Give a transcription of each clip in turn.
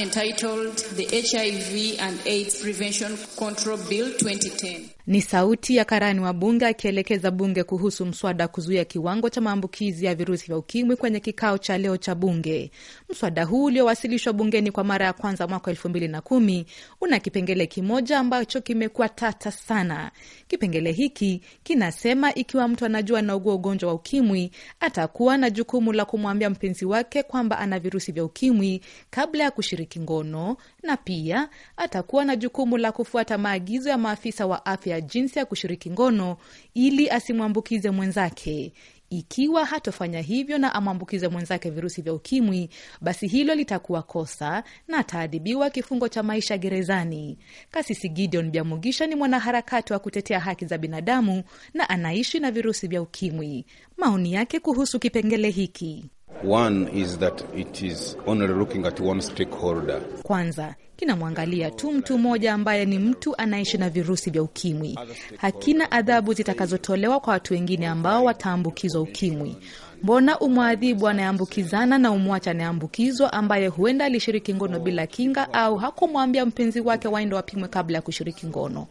Entitled the HIV and AIDS Prevention Control Bill 2010. Ni sauti ya karani wa bunge akielekeza bunge kuhusu mswada wa kuzuia kiwango cha maambukizi ya virusi vya ukimwi kwenye kikao cha leo cha bunge. Mswada huu uliowasilishwa bungeni kwa mara ya kwanza mwaka elfu mbili na kumi una kipengele kimoja ambacho kimekuwa tata sana. Kipengele hiki kinasema ikiwa mtu anajua anaugua ugonjwa wa ukimwi, atakuwa na jukumu la kumwambia mpenzi wake kwamba ana virusi vya ukimwi kabla ya kushiriki kingono na pia atakuwa na jukumu la kufuata maagizo ya maafisa wa afya jinsi ya kushiriki ngono ili asimwambukize mwenzake. Ikiwa hatofanya hivyo na amwambukize mwenzake virusi vya ukimwi, basi hilo litakuwa kosa na ataadhibiwa kifungo cha maisha gerezani. Kasisi Gideon Byamugisha ni mwanaharakati wa kutetea haki za binadamu na anaishi na virusi vya ukimwi. Maoni yake kuhusu kipengele hiki: One is that it is only looking at one stakeholder. Kwanza kinamwangalia tu mtu mmoja ambaye ni mtu anaishi na virusi vya ukimwi. Hakina adhabu zitakazotolewa kwa watu wengine ambao wataambukizwa ukimwi. Mbona umwadhibu anayeambukizana na umwacha anayeambukizwa ambaye huenda alishiriki ngono bila kinga au hakumwambia mpenzi wake waende wapimwe kabla ya kushiriki ngono?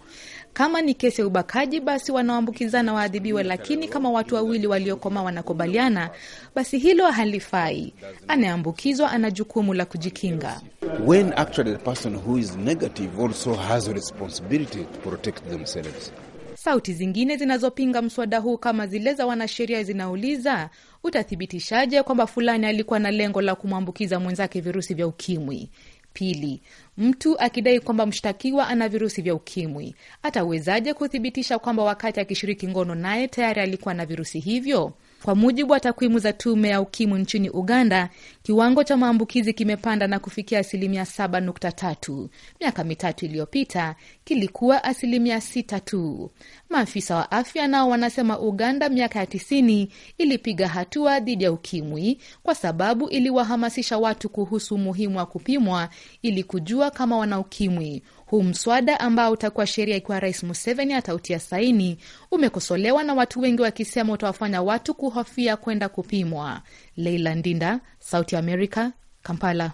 Kama ni kesi ya ubakaji, basi wanaoambukizana waadhibiwe, lakini kama watu wawili waliokomaa wanakubaliana, basi hilo halifai. Anayeambukizwa ana jukumu la kujikinga when actually the person who is negative also has a responsibility to protect themselves. Sauti zingine zinazopinga mswada huu kama zile za wanasheria zinauliza utathibitishaje kwamba fulani alikuwa na lengo la kumwambukiza mwenzake virusi vya ukimwi? Pili, mtu akidai kwamba mshtakiwa ana virusi vya ukimwi atawezaje kuthibitisha kwamba wakati akishiriki ngono naye tayari alikuwa na virusi hivyo? Kwa mujibu wa takwimu za tume ya ukimwi nchini Uganda, kiwango cha maambukizi kimepanda na kufikia asilimia 7.3. Miaka mitatu iliyopita kilikuwa asilimia 6 tu. Maafisa wa afya nao wanasema Uganda miaka ya 90 ilipiga hatua dhidi ya ukimwi kwa sababu iliwahamasisha watu kuhusu umuhimu wa kupimwa ili kujua kama wana ukimwi huu mswada ambao utakuwa sheria ikiwa Rais Museveni atautia saini, umekosolewa na watu wengi wakisema utawafanya watu kuhofia kwenda kupimwa. Leila Ndinda, Sauti ya Amerika, Kampala.